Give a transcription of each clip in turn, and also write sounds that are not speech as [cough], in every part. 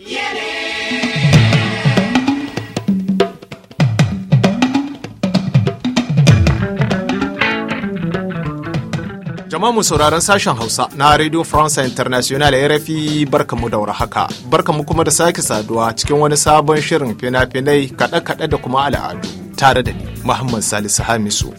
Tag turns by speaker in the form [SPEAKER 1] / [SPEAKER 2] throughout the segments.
[SPEAKER 1] Jama'a mu sauraron sashen Hausa na Radio France International ya RFI barkamu da haka, Barkamu kuma da sake saduwa cikin wani sabon shirin fina-finai kaɗe-kaɗe da kuma al'adu tare da ni Muhammad Salisu Hamisu.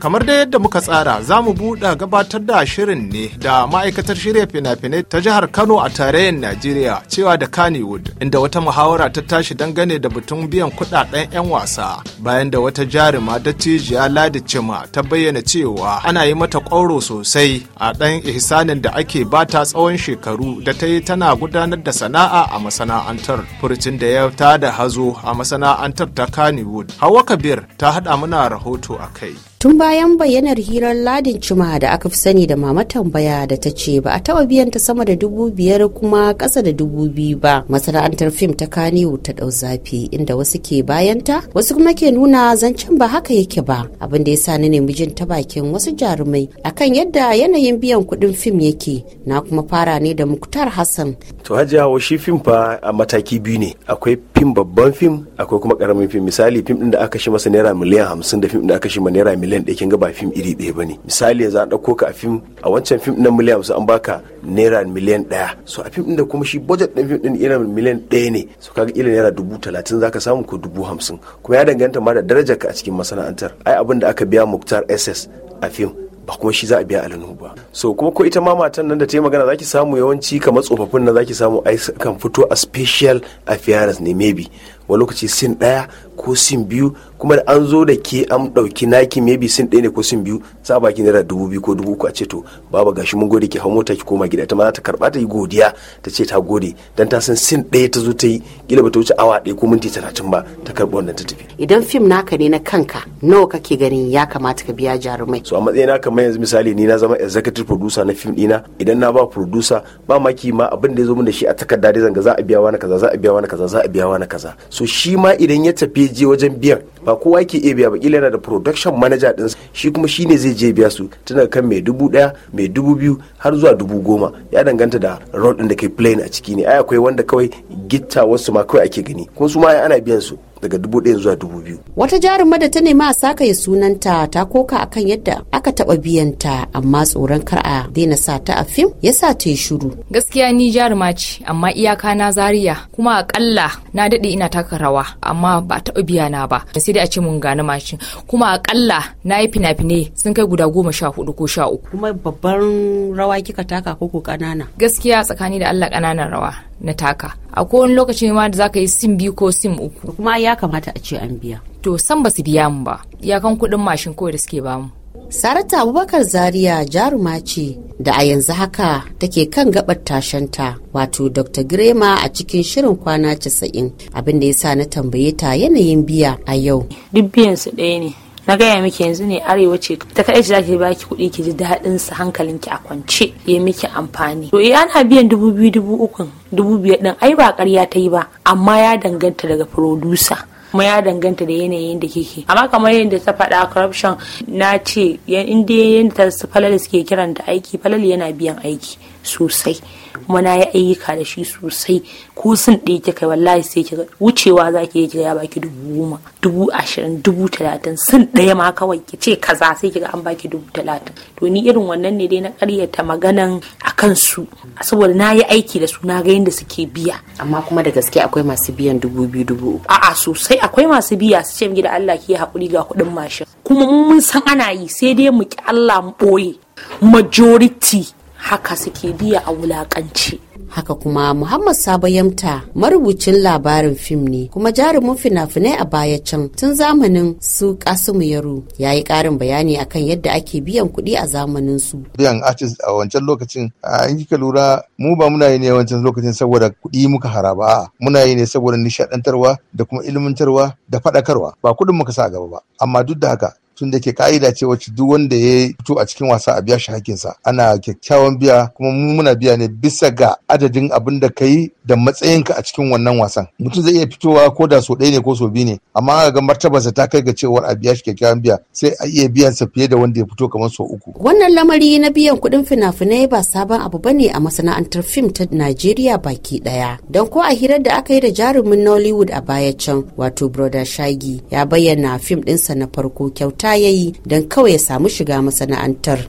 [SPEAKER 1] kamar da yadda muka tsara za mu buɗe gabatar da shirin ne da ma'aikatar shirya fina-finai ta jihar kano a tarayyar najeriya cewa da kannywood inda wata muhawara ta tashi dangane da batun biyan kuɗaɗen 'yan wasa bayan da wata jarima dattijiya ladi cima ta bayyana cewa ana yi mata kwaro sosai a ɗan ihsanin da ake bata tsawon shekaru da ta yi tana gudanar da sana'a a masana'antar furcin da ya ta da hazo a masana'antar ta kannywood hawa kabir ta haɗa mana rahoto a kai
[SPEAKER 2] tun bayan bayyanar hirar ladin cima da aka fi sani da mama tambaya da ta ce ba a taba biyan ta sama da dubu biyar kuma ƙasa da dubu biyu ba masana'antar fim ta kaniyu ta ɗau zafi inda wasu ke bayanta wasu kuma ke nuna zancen ba haka yake ba abin da ya sa ni nemi jin ta bakin wasu jarumai akan yadda yanayin biyan kuɗin fim yake na kuma fara ne da muktar hassan
[SPEAKER 3] to hajiya shi fim fa a mataki biyu ne akwai fim babban fim akwai kuma karamin fim misali fim ɗin da aka shi masa naira miliyan hamsin da fim ɗin da aka shi ma naira miliyan miliyan ɗaya kin ga ba fim iri ɗaya ne misali yanzu an ɗauko ka a fim a wancan fim ɗin miliyan hamsin an baka naira miliyan ɗaya so a fim ɗin da kuma shi budget ɗin fim ɗin naira miliyan ɗaya ne so kaga ila naira dubu talatin zaka samu ko dubu hamsin kuma ya danganta ma da darajar ka a cikin masana'antar ai abin da aka biya muktar ss a fim ba kuma shi za a biya lanu ba so kuma ko ita ma matan nan da ta yi magana zaki samu yawanci kamar tsofaffin nan zaki samu ai kan fito a special affairs ne maybe wani lokaci sin ɗaya ko sin biyu kuma da an zo da ke an dauki naki maybe sin daya ne ko sin biyu sa baki naira dubu biyu ko dubu uku a ce to baba gashi mun gode ki hau mota ki koma gida ta ma ta karɓa ta yi godiya ta ce ta gode dan ta san sin ɗaya ta zo ta yi kila ba ta wuce awa ɗaya ko minti talatin ba ta karɓi wannan ta tafi.
[SPEAKER 2] idan fim naka ne na kanka nawa kake ganin ya kamata ka biya jarumai.
[SPEAKER 3] so a matsayina kamar yanzu misali ni na zama executive producer na fim ɗina idan na ba producer ba maki ma abin da ya zo min da shi a takarda dai zanga za a biya wani kaza za a biya wani kaza za a biya wani kaza so shi ma idan ya tafi je wajen biyan ba kowa yake iya biya ba kila yana da production manager din shi kuma shi ne zai je biya su tun daga kan mai dubu daya mai dubu biyu har zuwa dubu goma ya danganta da role din da kai playing a ciki ne ai akwai wanda kawai gitta wasu ma kawai ake gani kuma su ma ana biyan su daga dubu ɗaya zuwa dubu biyu.
[SPEAKER 2] Wata jaruma da ta nema a saka ya sunanta ta koka akan yadda aka taɓa biyan ta amma tsoron kar a daina sa ta a fim ya sa ta yi shiru.
[SPEAKER 4] Gaskiya ni jaruma ce amma iyaka na zariya kuma akalla na daɗe ina taka rawa amma ba a taɓa biya na ba da sai da a ce mun gane mashin kuma akalla na yi fina-finai sun kai guda goma sha hudu ko sha uku. Kuma babban rawa kika taka ko ko ƙanana. Gaskiya tsakani da Allah ƙananan rawa. na taka a kowane lokaci ma da zaka yi sim biyu ko sim uku kuma ya kamata a ce an biya to san ba su biya mu ba ya kan kuɗin mashin kawai da suke ba mu Saratu Abubakar
[SPEAKER 2] Zaria jaruma ce da a yanzu haka take kan gabar tashanta wato Dr. Grema a cikin shirin kwana 90 abinda ya sa na tambaye ta yanayin biya a yau.
[SPEAKER 4] Duk biyansu ɗaya ne na gaya miki yanzu ne arewa ce ta kaɗai ce zaki baki kuɗi ki ji daɗin sa hankalinki a kwance ya miki amfani to eh ana biyan dubu biyu dubu uku dubu biyar ɗin ai ba ƙarya ta yi ba amma ya danganta daga producer kuma ya danganta da yanayin da kike amma kamar yadda ta faɗa corruption na ce in su yadda ta falali suke kiranta aiki falali yana biyan aiki sosai kuma na yi ayyuka da shi sosai ko sun ɗaya kika wallahi sai ki wucewa za ki kira ya baki dubu goma dubu ashirin dubu talatin sun ɗaya ma kawai ki ce kaza sai kika an baki dubu talatin to ni irin wannan ne dai na karyata maganan a kansu saboda na yi aiki da su na ga yadda suke biya amma kuma da gaske akwai masu biyan dubu biyu dubu uku a'a sosai akwai masu biya su ce da Allah ki haƙuri ga kuɗin mashin kuma mun san ana yi sai dai mu ki Allah mu ɓoye majority haka suke biya a wulakanci haka kuma muhammad sabo yamta marubucin labarin
[SPEAKER 2] fim ne kuma jarumin fina-finai a baya can tun zamanin su kasimu yaro ya yi karin bayani akan yadda ake biyan kuɗi a zamanin su
[SPEAKER 1] biyan artist a wancan lokacin a in kika lura mu ba muna yi ne wancan lokacin saboda kuɗi muka haraba a muna yi ne saboda nishaɗantarwa da kuma ilmantarwa da faɗakarwa ba kuɗin muka sa gaba ba amma duk da haka tun da ke ka'ida ce wacce duk wanda ya fito a cikin wasa a biya shi hakinsa ana kyakkyawan biya kuma mu muna biya ne bisa ga adadin abin da ka yi da matsayinka a cikin wannan wasan mutum zai iya fitowa ko da so ɗaya ne ko so biyu ne amma aka ga martabarsa ta kai ga cewar a biya shi kyakkyawan biya sai a iya biyan sa fiye da wanda ya fito kamar so uku
[SPEAKER 2] wannan lamari na biyan kuɗin fina-finai ba sabon abu bane a masana'antar fim ta Najeriya baki ɗaya don ko a hirar da aka yi da jarumin Nollywood a baya can wato Brother Shagi ya bayyana fim ɗinsa na farko kyauta mata ya yi don kawai ya samu shiga masana'antar.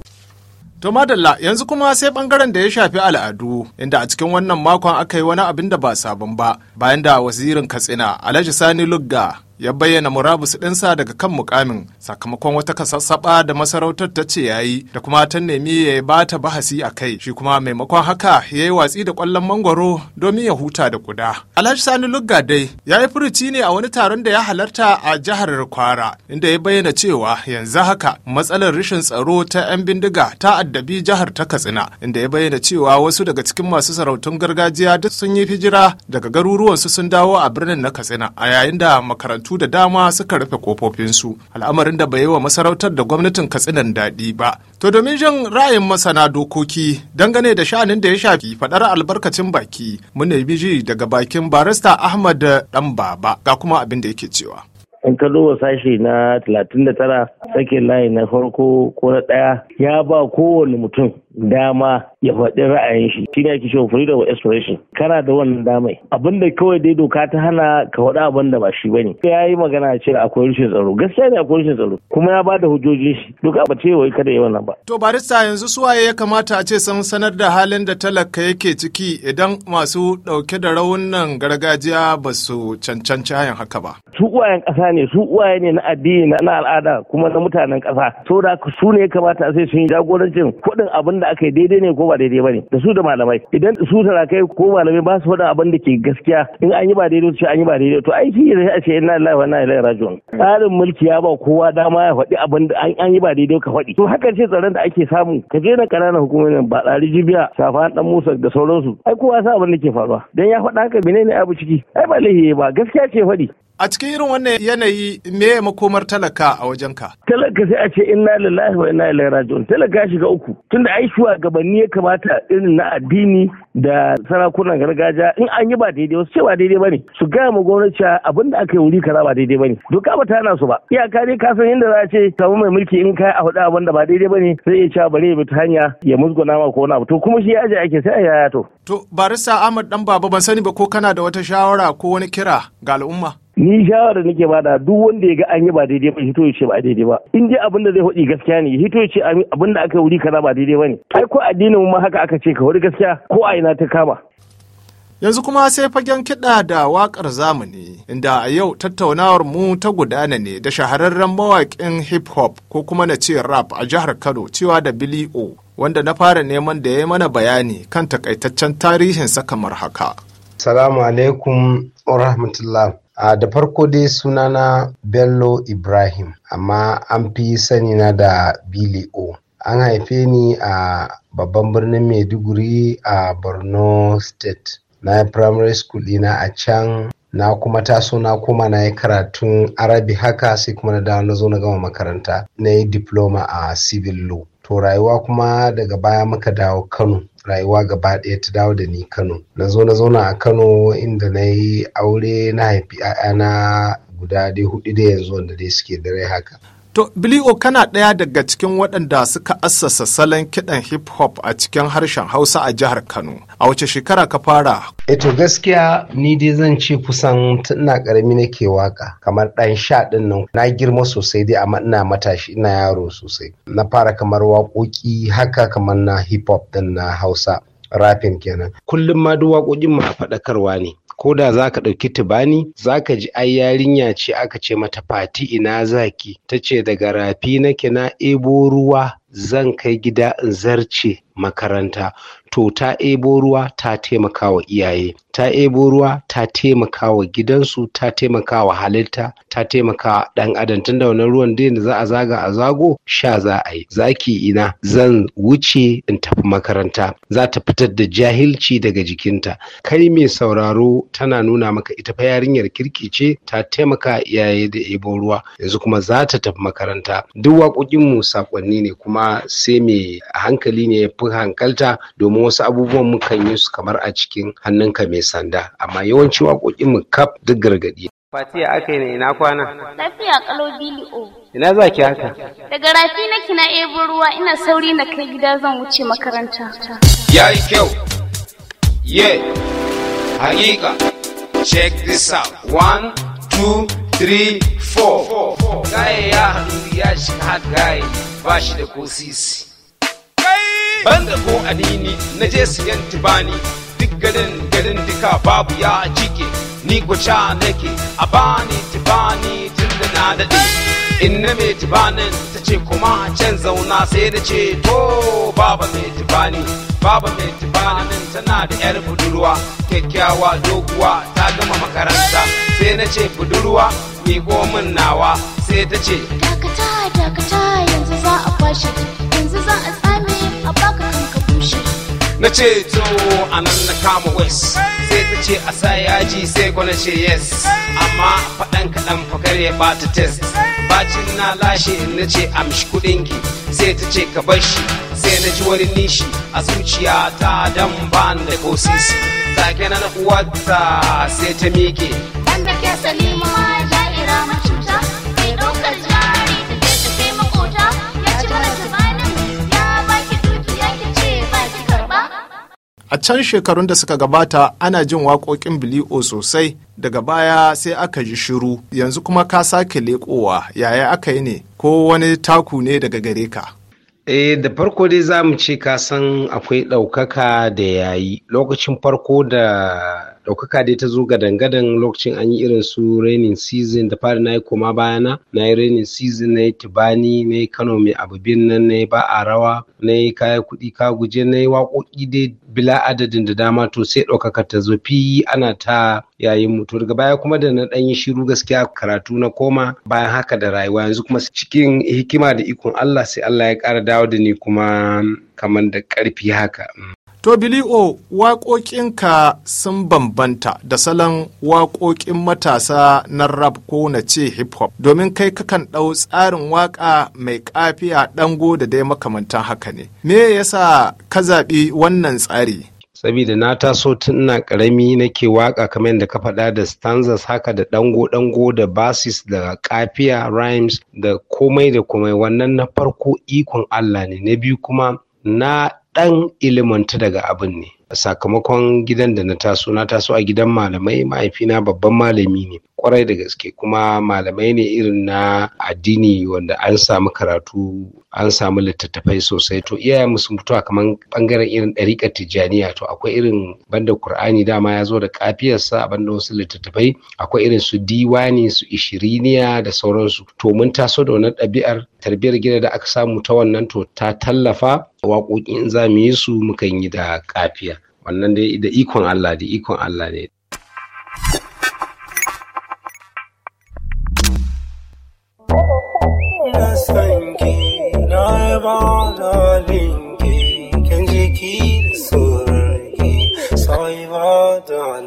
[SPEAKER 1] To madalla yanzu kuma sai bangaren da ya shafi al'adu inda a cikin wannan makon aka yi wani abin da ba sabon ba bayan da wazirin Katsina Alhaji Sani Lugga ya bayyana murabus ɗinsa daga kan mukamin sakamakon wata kasassaba da masarautar ta ce yayi da kuma ta nemi ya ba ta bahasi a kai shi kuma maimakon haka ya yi watsi da ƙwallon mangwaro domin ya huta da ƙuda. Alhaji Sani Lugga dai ya yi furuci ne a wani taron da ya halarta a jihar Kwara inda ya bayyana cewa yanzu haka matsalar rashin tsaro ta 'yan bindiga ta addabi jihar ta Katsina inda ya bayyana cewa wasu daga cikin masu sarautun gargajiya duk sun yi hijira daga garuruwansu sun dawo a birnin na Katsina a yayin da makarantu makarantu da dama suka rufe kofofinsu al'amarin da bai yi wa masarautar da gwamnatin katsinan daɗi ba to domin jin ra'ayin masana dokoki dangane da sha'anin da ya shafi faɗar albarkacin baki mun nemi ji daga bakin barista ahmad dan baba ga kuma abin da yake cewa
[SPEAKER 5] in ka duba sashi na 39 sake layi na farko ko na ɗaya ya ba kowane mutum dama ya faɗi ra'ayin shi shi ne ake cewa freedom of expression kana da wannan damai abin da kawai dai doka ta hana ka faɗi abin da ba shi ne ya yi magana cewa akwai rashin tsaro gaskiya ne akwai rashin tsaro kuma ya ba da hujjojin shi doka ba ce wai kada ya wannan ba
[SPEAKER 1] to barista yanzu suwaye ya kamata a ce sun sanar da halin da talaka yake ciki idan masu ɗauke da raunin gargajiya ba su cancanci hayan haka ba
[SPEAKER 5] su uwayen ƙasa ne su uwaye ne na addini na al'ada kuma na mutanen ƙasa saboda su ne ya kamata a sai sun jagorancin kuɗin abin da aka yi daidai ne ko ba daidai ba ne da su da malamai idan su tarakai ko malamai ba su faɗa abin da ke gaskiya in an yi ba daidai ce an yi ba daidai to aiki ne a ce ina lillahi na inna ilaihi tsarin mulki ya ba kowa dama ya faɗi abin da an yi ba daidai ka faɗi to haka ce tsaron da ake samu ka je na ƙananan hukumomin ba ɗari jibiya safa dan musa da sauransu ai kowa sa abin da ke faruwa dan ya faɗa haka menene abu ciki ai ba laifi ba gaskiya ce faɗi
[SPEAKER 1] A cikin irin wannan yanayi me makomar talaka a wajen wajenka?
[SPEAKER 5] Talaka sai a ce inna lillahi wa inna ilaihi raji'un. Talaka shiga uku tunda ai shugabanni ya kamata irin na addini da sarakunan gargajiya in an yi ba daidai wasu ce ba daidai bane su gaya ma gwamnati abin da aka yi wuri kaza ba daidai bane doka ba ta hana su ba iyaka ne ka san inda za a ce samu mai mulki in kai a hudu abin da ba daidai bane sai ya cewa bare ya bi ta hanya ya musguna ma ko wani abu to kuma shi ya ake sai a yaya to.
[SPEAKER 1] to barista ahmad dan baba ban sani ba ko kana da wata shawara ko wani kira ga al'umma.
[SPEAKER 5] ni shawara nake bada duk wanda ya ga an yi ba daidai ba hito ya ce ba daidai ba in dai abin da zai hudi gaskiya ne hito ya ce abin da aka wuri kaza ba daidai ba ne ai ko addinin mu haka aka ce ka wuri gaskiya ko a ina ta kama.
[SPEAKER 1] Yanzu kuma sai fagen kiɗa da waƙar zamani, inda a yau tattaunawar mu ta gudana ne da shahararren mawaƙin hip hop ko kuma na ce rap a jihar Kano cewa da Billy O, wanda na fara neman da ya mana bayani kan takaitaccen tarihinsa kamar haka.
[SPEAKER 6] Salamu alaikum wa rahmatullah. da farko dai sunana Bello Ibrahim, amma an fi sani na da Billy O. An haife ni a babban birnin maiduguri a borno state na yi primary school ɗina a can na kuma taso na koma na yi karatun arabi haka sai kuma na dawo na zo na gama makaranta na yi diploma a civil law to rayuwa kuma daga baya muka dawo kano rayuwa gaba ɗaya ta dawo da ni kano na zo na zauna a kano inda na yi aure na haifi 'ya'yana guda dai hudu da yanzu wanda dai suke dare haka
[SPEAKER 1] To, Bilio kana ɗaya daga cikin waɗanda suka assasa salon kiɗan hip hop a cikin harshen Hausa a jihar Kano. A wace shekara ka fara?
[SPEAKER 6] Eto, eh gaskiya ni dai zan ce kusan tana ƙarami nake waka kamar ɗan sha ɗin nan. Na girma sosai dai amma ina matashi ina yaro sosai. Na fara kamar waƙoƙi haka kamar na hip hop ɗin na Hausa. rafin kenan kullum ma duk waƙoƙin mu faɗakarwa ne ko da za ka ɗauki tubani za ka ji ai yarinya ce aka ce mata fati ina zaki ta ce daga rafi nake na ebo ruwa zan kai gida in zarce makaranta to ta ebo ruwa ta taimakawa iyaye ta ebo ruwa ta taimakawa gidansu ta taimakawa halitta ta taimaka wa ɗan adam tun da wannan ruwan dai da za a zaga a zago sha za a yi zaki ina zan wuce in tafi makaranta za ta fitar da jahilci daga jikinta kai mai sauraro tana nuna maka ita fa yarinyar kirki ce ta taimaka iyaye da ebo ruwa yanzu kuma za ta tafi makaranta duk mu saƙonni ne kuma sai mai hankali ne ya fi hankalta domin wasu abubuwan mukan yi su kamar a cikin hannunka mai sanda amma yawanci waƙoƙin mu kaf duk gargaɗi. Fatiya aka yi na ina kwana?
[SPEAKER 4] Lafiya kalau o.
[SPEAKER 6] Ina za ki haka?
[SPEAKER 7] Daga rafi na kina ebo ruwa ina sauri na kai gida zan wuce makaranta.
[SPEAKER 6] Ya yi kyau. Ye. Hakika. Check this out. One, two, three, four. Gaya ya hannu ya shiga gaya ba shi da ko sisi. banda ko anini na je siyan tibani duk garin garin duka babu ya cike ni cha nake a bani tibani tun da na daɗe in na mai tibanin ta ce kuma can zauna sai da ce to baba mai tibani baba mai tibanin tana da yar budurwa kyakkyawa doguwa ta gama makaranta sai na ce budurwa ni min nawa sai ta ce dakata dakata yanzu za a kwashe yanzu za a na ce to a nan na kama west sai ta ce a sa yaji sai ko ce yes amma faɗan kaɗan fakar ya bata test bacin na lashe na ce amshi kuɗin ki sai ta ce ka bar shi sai na ji wani nishi a zuciya ta dan ban da ko sisi kena na uwarta sai ta miƙe.
[SPEAKER 4] Banda ke salima macuta.
[SPEAKER 1] A can shekarun da suka gabata ana jin waƙoƙin bili'o sosai daga baya sai aka ji shiru yanzu kuma ka sake leƙowa yaya aka yi ne ko wani taku ne daga gare ka. Eh da farko dai za mu ce ka san akwai ɗaukaka
[SPEAKER 6] da yayi lokacin farko da ɗaukaka dai ta zo gadan-gadan lokacin an yi irin su raining season da fari na yi koma bayana na yi raining season na yi tibani na yi kano mai abubin nan na yi ba a rawa na yi kaya kuɗi ka guje na yi waƙoƙi dai bila adadin da dama to sai ɗaukaka ta zo fi ana ta yayin mutu daga baya kuma da na ɗan yi shiru gaskiya karatu na koma bayan haka da rayuwa yanzu kuma cikin hikima da ikon Allah sai Allah ya ƙara dawo da ni kuma kamar da ƙarfi haka. Mm. To
[SPEAKER 1] Bili'o waƙoƙinka sun bambanta da salon waƙoƙin matasa na rap ko na ce hip hop domin kai kakan ɗau tsarin waƙa mai ƙafiya ɗango da dai makamantan haka ne. Me yasa ka zaɓi wannan
[SPEAKER 6] tsari? Sabida na taso tun ina ƙarami nake waƙa kamar yadda ka faɗa da stanzas haka da ɗango-ɗango da basis da ƙafiya rhymes da komai da komai wannan na farko ikon Allah ne na biyu kuma na ɗan ilimanta daga abin ne sakamakon gidan da na taso na taso a gidan malamai mahaifina babban malami ne kwarai da gaske kuma malamai ne irin na addini wanda an samu karatu an samu littattafai sosai to iyayen sun fito kamar bangaren irin ɗariƙar tijjaniya to akwai irin banda Kur'ani dama ya zo da kafiyarsa a banda wasu littattafai akwai irin su diwani su ishiriniya da sauransu to mun taso da wannan ɗabi'ar tarbiyyar gida da aka samu ta wannan to ta tallafa waƙoƙin za mu yi su mukan yi da kafiya wannan da ikon Allah da ikon Allah ne alemki kin jiki da surarki saiwa da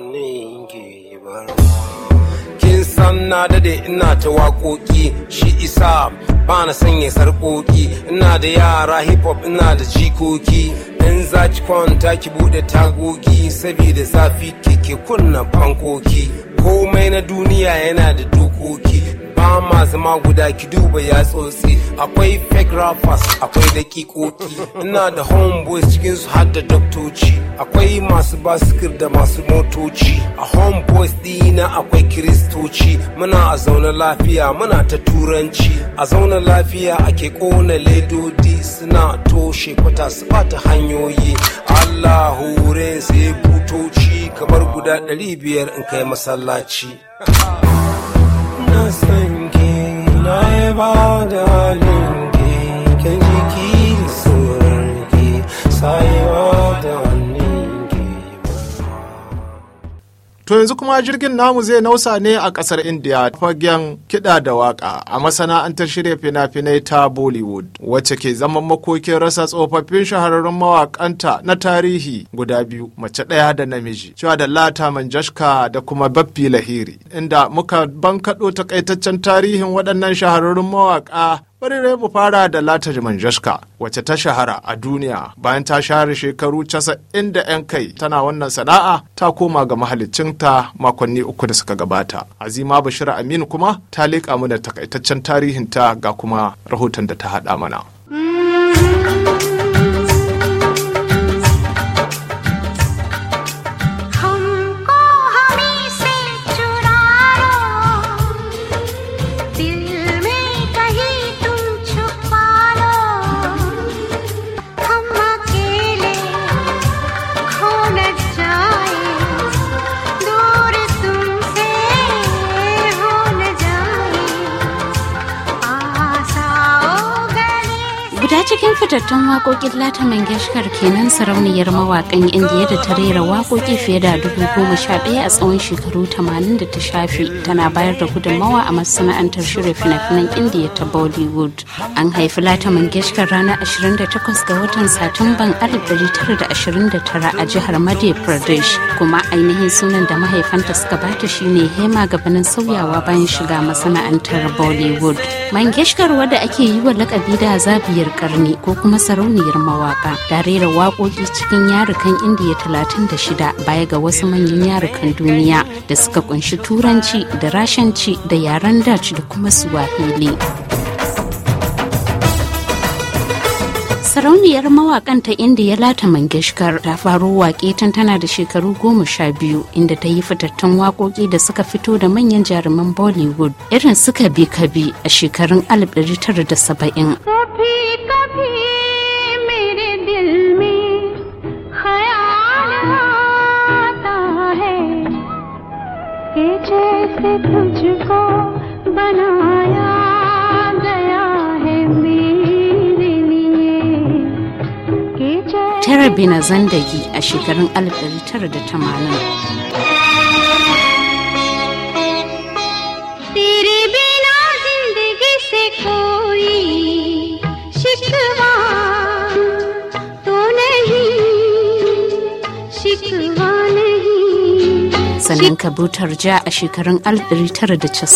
[SPEAKER 6] kin san na dade ina ta waƙoƙi shi isa ba na sanya sarƙoƙi ina da yara hip hop ina da jikoki Ɗan za ki kwanta ki buɗe tagogi saboda zafi ke kunna fankoki komai na duniya yana da dokoki fama zama guda ki duba ya tsotsi akwai fake rappers akwai da kikoki ina da homeboys cikin su har da doktoci akwai masu basikir da masu motoci a homeboys dina akwai kiristoci muna a zaune lafiya muna ta turanci a zaune lafiya ake kona ledodi suna toshe kwata su bata hanyoyi allah hure sai butoci kamar guda 500 in kai masallaci. [laughs] nothing naivada ali
[SPEAKER 1] To yanzu kuma jirgin namu zai nausa ne a kasar India fagen kiɗa da waƙa a masana'antar shirya fina-finai ta Bollywood wacce ke zaman makokin rasa tsofaffin shahararrun mawaƙanta na tarihi guda biyu mace ɗaya da namiji cewa da Lata Manjashka da kuma Baffi Lahiri inda muka bankaɗo takaitaccen tarihin waɗannan shahararrun mawaƙa Bari mu fara da Latar Manjaska wacce ta shahara a duniya bayan ta share shekaru casa'in da 'yan kai tana wannan sana'a ta koma ga mahalicinta makonni uku da suka gabata. Azima Bashir Aminu kuma ta leƙa da takaitaccen tarihinta ga kuma rahoton da ta haɗa mana.
[SPEAKER 7] fitattun waƙoƙin Lata mangashkar kenan sarauniyar mawaƙan Indiya da ta rera waƙoƙi fiye da dubu goma sha ɗaya a tsawon shekaru tamanin da ta shafe tana bayar da gudunmawa a masana'antar shirya fina-finan Indiya ta Bollywood. An haifi Lata mangashkar ranar 28 ga watan Satumban 1929 a jihar Madhya Pradesh kuma ainihin sunan da mahaifanta suka bata shine Hema gabanin sauyawa bayan shiga masana'antar Bollywood. Mangeshkar wadda ake yi wa lakabi da zabiyar karni ko kuma sarauniyar mawaka da rera waƙoƙi cikin yarukan indiya 36 baya ga wasu manyan yarukan duniya da suka kunshi turanci da rashanci da yaren dutch da kuma suwahili. sarauniyar mawakan ta ya lata mangishkar ta faro waƙe tun tana da shekaru goma sha biyu inda ta yi fitattun waƙoƙi da suka fito da manyan jaruman bollywood irin suka bi kabi a shekarun 1970 से तुझको बनाया गया है मेरे लिए Tarabina Zandagi a shekarun 1980 शिकवा sanin kabutar ja a shekarun 1990.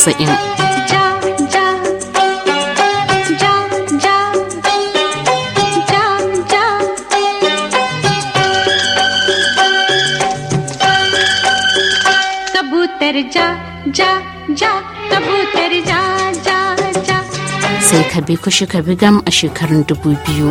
[SPEAKER 7] sai ka bi kushi ka bi gam a shekarun dubu biyu.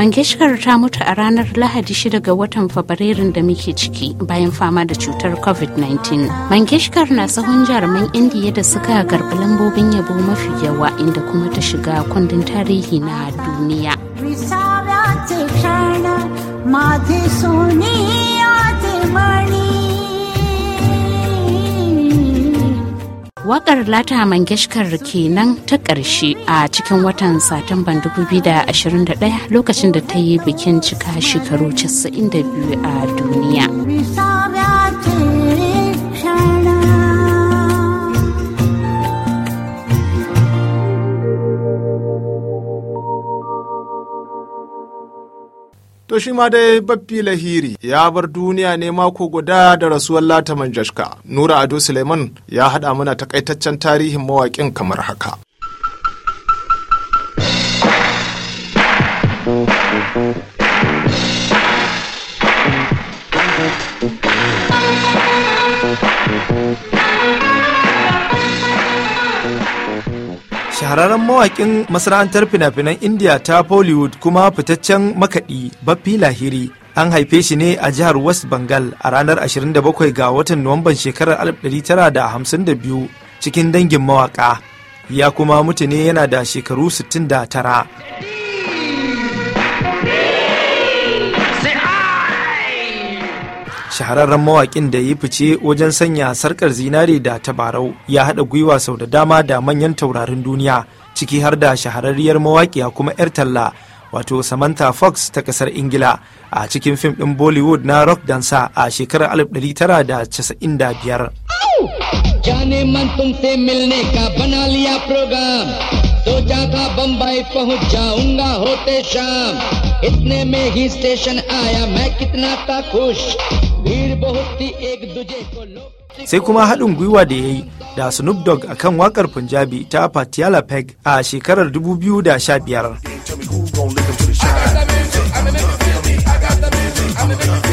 [SPEAKER 7] Mangeshkar ta mutu a ranar Lahadi 6 ga watan Fabrairun da muke ciki bayan fama da cutar COVID-19. Mangeshkar na sahun jaruman Indiya da suka garbi lambobin yabo mafi yawa inda kuma ta shiga kundin tarihi na duniya. Wakar Lata Mangeshkar kenan ta ƙarshe a cikin watan Satumban 2021 lokacin da ta yi bikin cika shekaru 92 a duniya.
[SPEAKER 1] To shi ma dai babbi Lahiri ya bar duniya ne mako guda da rasuwar Lata Manjashka. Nura Ado Suleiman ya haɗa mana takaitaccen tarihin mawaƙin kamar haka.
[SPEAKER 8] Thank you. shahararren mawakin masana'antar fina-finan india ta bollywood kuma fitaccen makaɗi baffi lahiri an haife shi ne a jihar west bengal a ranar 27 ga watan nuwamban shekarar 1952 cikin dangin mawaka ya kuma mutu yana da shekaru 69 shahararren mawakin da ya fice wajen sanya sarkar zinare da tabarau ya haɗa gwiwa sau da dama da manyan taurarin duniya ciki har da shahararriyar mawaƙiya kuma 'yar talla wato samanta Fox ta ƙasar Ingila a cikin fim ɗin Bollywood na rock dansa a shekarar 1995. ɗari tara da casa'in da biyar
[SPEAKER 5] लिया programme सोचा था बम्बई पहुंच जाऊंगा होते शाम इतने में ही स्टेशन आया मैं कितना था खुश
[SPEAKER 8] sai kuma haɗin gwiwa da ya yi da snoop dogg a kan waƙar punjabi ta patiala peg a shekarar
[SPEAKER 5] 2015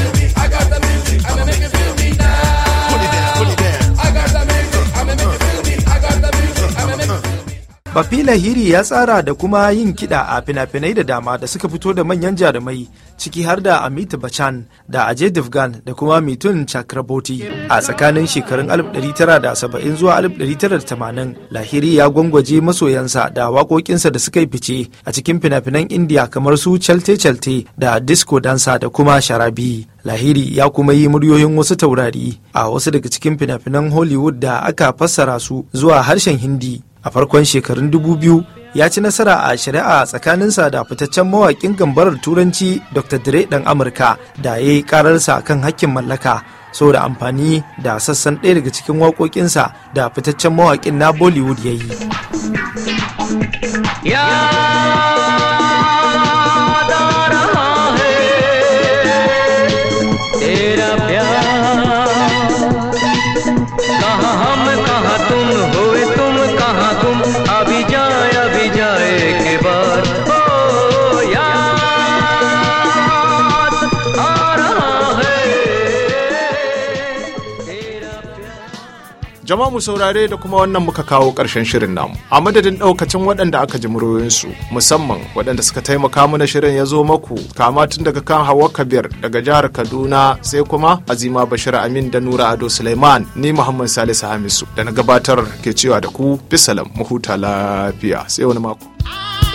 [SPEAKER 8] Bafila lahiri ya tsara da kuma yin kiɗa a fina-finai da dama da suka fito da manyan jarumai ciki har da Amit Bachan da Ajay Devgan da kuma Mitun Chakraborty. A tsakanin shekarun 1970 zuwa 1980, Lahiri ya gwangwaje masoyansa da waƙoƙinsa da suka yi fice a cikin fina-finan Indiya kamar su calte calte da Disco Dansa da kuma Sharabi. Lahiri ya kuma yi muryoyin wasu taurari a wasu daga cikin fina-finan Hollywood da aka fassara su zuwa harshen Hindi a farkon shekarun 2000 ya ci nasara a shari'a tsakaninsa da fitaccen mawaƙin gambarar turanci dr dre ɗan amurka da ya yi kararsa kan hakkin mallaka saboda amfani da sassan ɗaya daga cikin waƙoƙinsa da fitaccen mawaƙin na bollywood ya yi
[SPEAKER 1] Jama'a mu saurare da kuma wannan muka kawo karshen shirin namu. A madadin ɗaukacin waɗanda aka ji muryoyinsu musamman waɗanda suka taimaka mana shirin ya zo maku kama tun daga kan Hawa Kabir daga jihar Kaduna sai kuma Azima Bashir Amin da Nura Ado Suleiman ni Muhammad Salisu Hamisu da na gabatar ke cewa da ku bisalam mu huta lafiya sai wani mako.